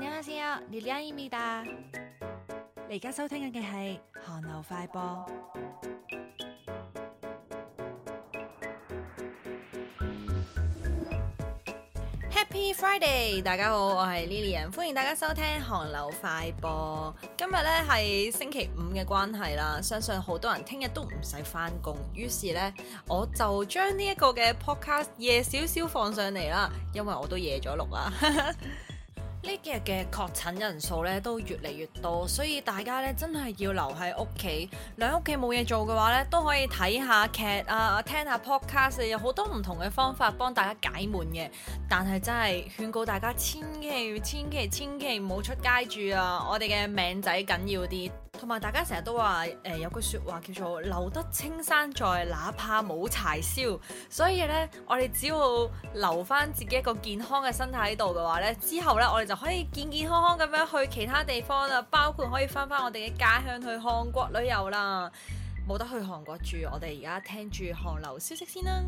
你好 Coco，Lilian 喺你而家收聽緊嘅係《韓流快播》，Happy Friday，大家好，我係 Lilian，歡迎大家收聽《韓流快播》今呢。今日咧係星期五嘅關係啦，相信好多人聽日都唔使翻工，於是咧我就將呢一個嘅 podcast 夜少少放上嚟啦，因為我都夜咗錄啦。 呢幾日嘅確診人數咧都越嚟越多，所以大家咧真係要留喺屋企。留喺屋企冇嘢做嘅話咧，都可以睇下劇啊，聽下 podcast，有好多唔同嘅方法幫大家解悶嘅。但係真係勸告大家，千祈千祈千祈唔好出街住啊！我哋嘅命仔緊要啲。同埋大家成日都話，誒、呃、有句說話叫做留得青山在，哪怕冇柴燒。所以呢，我哋只要留翻自己一個健康嘅身體喺度嘅話呢，之後呢，我哋就可以健健康康咁樣去其他地方啦，包括可以翻翻我哋嘅家鄉去韓國旅遊啦。冇得去韓國住，我哋而家聽住韓流消息先啦。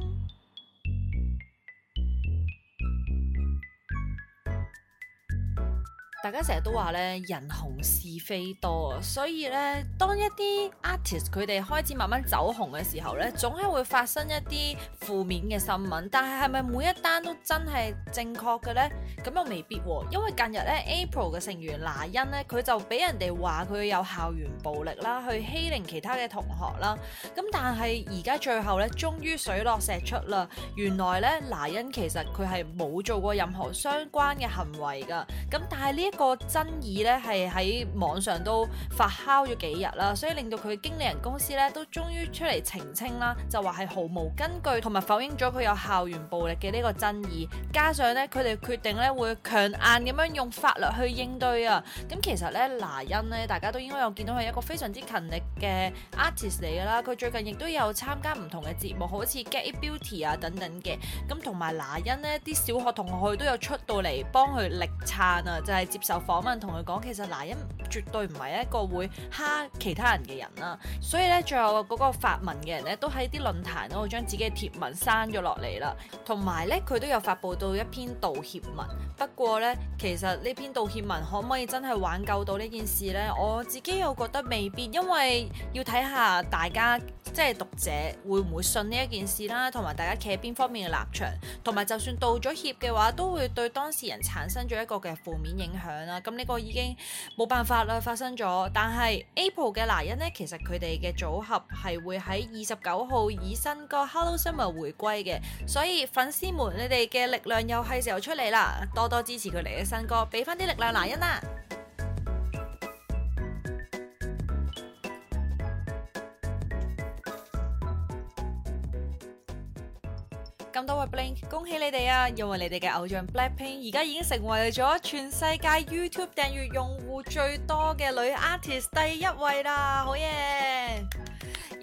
大家成日都話咧，人紅是非多啊，所以咧，當一啲 artist 佢哋開始慢慢走紅嘅時候咧，總係會發生一啲負面嘅新聞。但係係咪每一單都真係正確嘅呢？咁又未必喎、哦，因為近日咧 April 嘅成員娜恩咧，佢就俾人哋話佢有校園暴力啦，去欺凌其他嘅同學啦。咁但係而家最後咧，終於水落石出啦。原來咧，娜恩其實佢係冇做過任何相關嘅行為㗎。咁但係、這、呢、個個爭議咧係喺網上都發酵咗幾日啦，所以令到佢嘅經理人公司咧都終於出嚟澄清啦，就話係毫無根據，同埋否認咗佢有校園暴力嘅呢個爭議。加上咧，佢哋決定咧會強硬咁樣用法律去應對啊。咁其實咧，娜恩呢，大家都應該有見到佢係一個非常之勤力嘅 artist 嚟噶啦，佢最近亦都有參加唔同嘅節目，好似 Get It Beauty 啊等等嘅。咁同埋娜恩呢啲小學同學佢都有出到嚟幫佢力撐啊，就係、是受訪問同佢講，其實娜恩絕對唔係一個會蝦其他人嘅人啦，啊，所以咧，最後嗰個發文嘅人咧都喺啲論壇度將自己嘅貼文刪咗落嚟啦，同埋咧佢都有發布到一篇道歉文。不過咧，其實呢篇道歉文可唔可以真係挽救到呢件事咧？我自己又覺得未必，因為要睇下大家即係讀者會唔會信呢一件事啦，同埋大家企喺邊方面嘅立場，同埋就算道咗歉嘅話，都會對當事人產生咗一個嘅負面影響。咁呢個已經冇辦法啦，發生咗。但係 APRIL 嘅娜恩呢，其實佢哋嘅組合係會喺二十九號以新歌《Hello Summer》回歸嘅，所以粉絲們你哋嘅力量又係時候出嚟啦，多多支持佢哋嘅新歌，俾翻啲力量娜恩啦。Blink，恭喜你哋啊！因為你哋嘅偶像 BLACKPINK，而家已經成為咗全世界 YouTube 訂閱用戶最多嘅女 artist 第一位啦！好耶！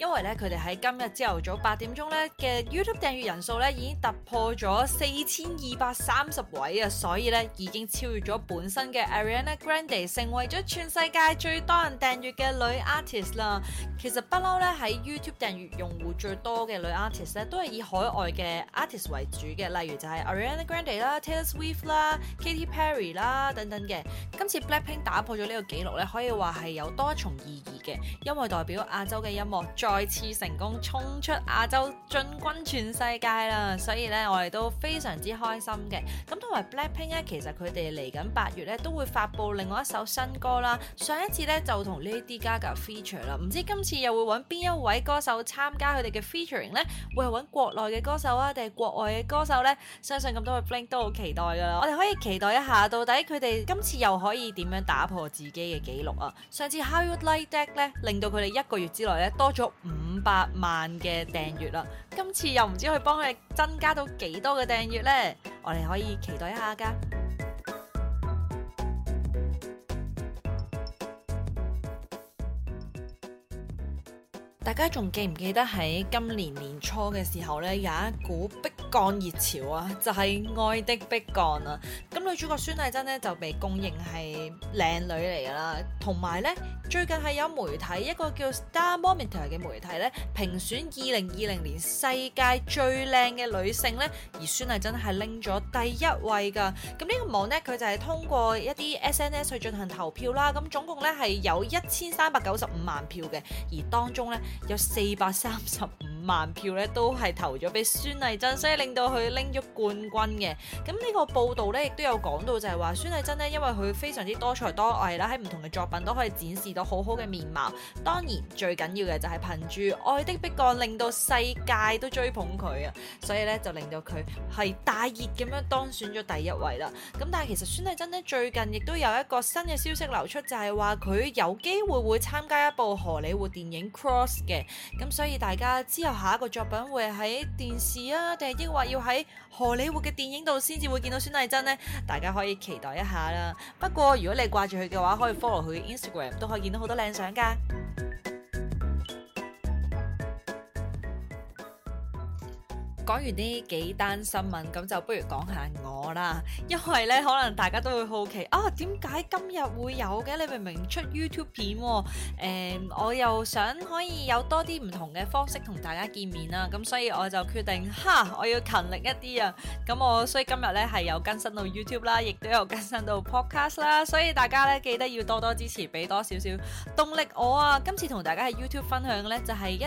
因為咧，佢哋喺今日朝頭早八點鐘咧嘅 YouTube 訂閱人數咧已經突破咗四千二百三十位啊，所以咧已經超越咗本身嘅 Ariana Grande，成為咗全世界最多人訂閱嘅女 artist 啦。其實不嬲咧喺 YouTube 訂閱用戶最多嘅女 artist 咧，都係以海外嘅 artist 為主嘅，例如就係 Ariana Grande 啦、Taylor Swift 啦、Katy Perry 啦等等嘅。今次 Blackpink 打破咗呢個紀錄咧，可以話係有多重意義嘅，因為代表亞洲嘅音樂。再次成功衝出亞洲，進軍全世界啦！所以咧，我哋都非常之開心嘅。咁同埋 Blackpink 咧，其實佢哋嚟緊八月咧都會發布另外一首新歌啦。上一次咧就同 Lady Gaga feature 啦，唔知今次又會揾邊一位歌手參加佢哋嘅 featuring 咧？會揾國內嘅歌手啊，定係國外嘅歌手呢？相信咁多位 Blink 都好期待㗎啦！我哋可以期待一下，到底佢哋今次又可以點樣打破自己嘅紀錄啊？上次《How You Like That》咧，令到佢哋一個月之內咧多咗。五百萬嘅訂閱啦，今次又唔知可以幫佢增加到幾多嘅訂閱呢？我哋可以期待一下噶。 大家仲記唔記得喺今年年初嘅時候呢，有一股逼降熱潮啊，就係、是《愛的迫降》啊，咁女主角孫藝真呢，就被公認係靚女嚟噶啦，同埋呢，最近係有媒體，一個叫 Star Moment 嘅媒體呢，評選二零二零年世界最靚嘅女性呢。而孫藝真係拎咗第一位噶，咁呢個網呢，佢就係通過一啲 SNS 去進行投票啦，咁總共呢，係有一千三百九十五萬票嘅，而當中呢，有四百三十五。萬票咧都係投咗俾孫藝真，所以令到佢拎咗冠軍嘅。咁呢個報道咧亦都有講到就，就係話孫藝真呢，因為佢非常之多才多藝啦，喺唔同嘅作品都可以展示到好好嘅面貌。當然最緊要嘅就係憑住《愛的迫降》令到世界都追捧佢啊，所以咧就令到佢係大熱咁樣當選咗第一位啦。咁但係其實孫藝真呢，最近亦都有一個新嘅消息流出，就係話佢有機會會參加一部荷里活電影《Cross》嘅。咁所以大家之後。下一個作品會喺電視啊，定係抑或要喺荷里活嘅電影度先至會見到孫藝真呢？大家可以期待一下啦。不過如果你掛住佢嘅話，可以 follow 佢嘅 Instagram，都可以見到好多靚相噶。講完呢幾單新聞，咁就不如講下我啦。因為呢，可能大家都會好奇啊，點解今日會有嘅？你明明出 YouTube 片、哦，誒、嗯，我又想可以有多啲唔同嘅方式同大家見面啦。咁所以我就決定，哈，我要勤力一啲啊。咁我所以今日呢，係有更新到 YouTube 啦，亦都有更新到 Podcast 啦。所以大家呢，記得要多多支持，俾多少少動力我啊。今次同大家喺 YouTube 分享呢，就係、是、一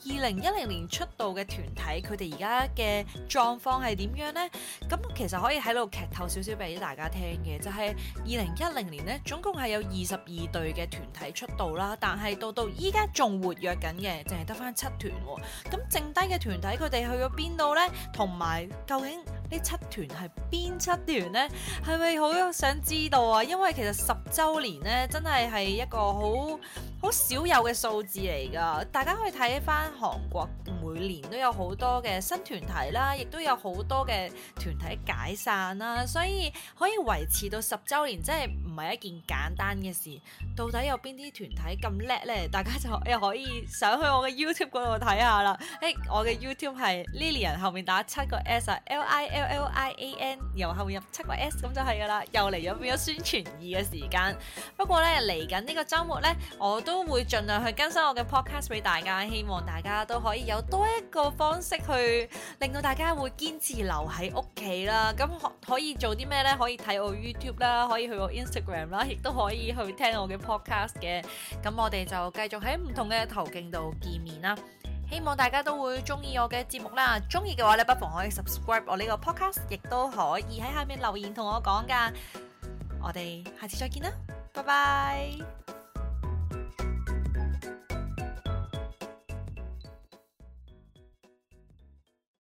啲二零一零年出道嘅團體，佢哋而家。嘅狀況係點樣呢？咁其實可以喺度劇透少少俾大家聽嘅，就係二零一零年呢，總共係有二十二隊嘅團體出道啦，但係到到依家仲活躍緊嘅，淨係得翻七團喎。咁剩低嘅團體佢哋去咗邊度呢？同埋究竟呢七團係邊七團呢？係咪好想知道啊？因為其實十週年呢，真係係一個好好少有嘅數字嚟㗎。大家可以睇翻韓國，每年都有好多嘅新團體啦，亦都有好多嘅團體解散啦，所以可以維持到十週年真係，唔係一件簡單嘅事，到底有邊啲團體咁叻咧？大家就又可以上去我嘅 YouTube 度睇下啦。誒，我嘅 YouTube 係 Lillian 後面打七個 S 啊，L I L L I A N，由後面入七個 S，咁就係噶啦。又嚟咗變咗宣傳二嘅時間。不過咧，嚟緊呢個週末咧，我都會盡量去更新我嘅 Podcast 俾大家，希望大家都可以有多一個方式去令到大家會堅持留喺屋企啦。咁可可以做啲咩咧？可以睇我 YouTube 啦，可以去我啦，亦都可以去聽我嘅 podcast 嘅，咁我哋就繼續喺唔同嘅途徑度見面啦。希望大家都會中意我嘅節目啦，中意嘅話咧，你不妨可以 subscribe 我呢個 podcast，亦都可以喺下面留言同我講㗎。我哋下次再見啦，拜拜。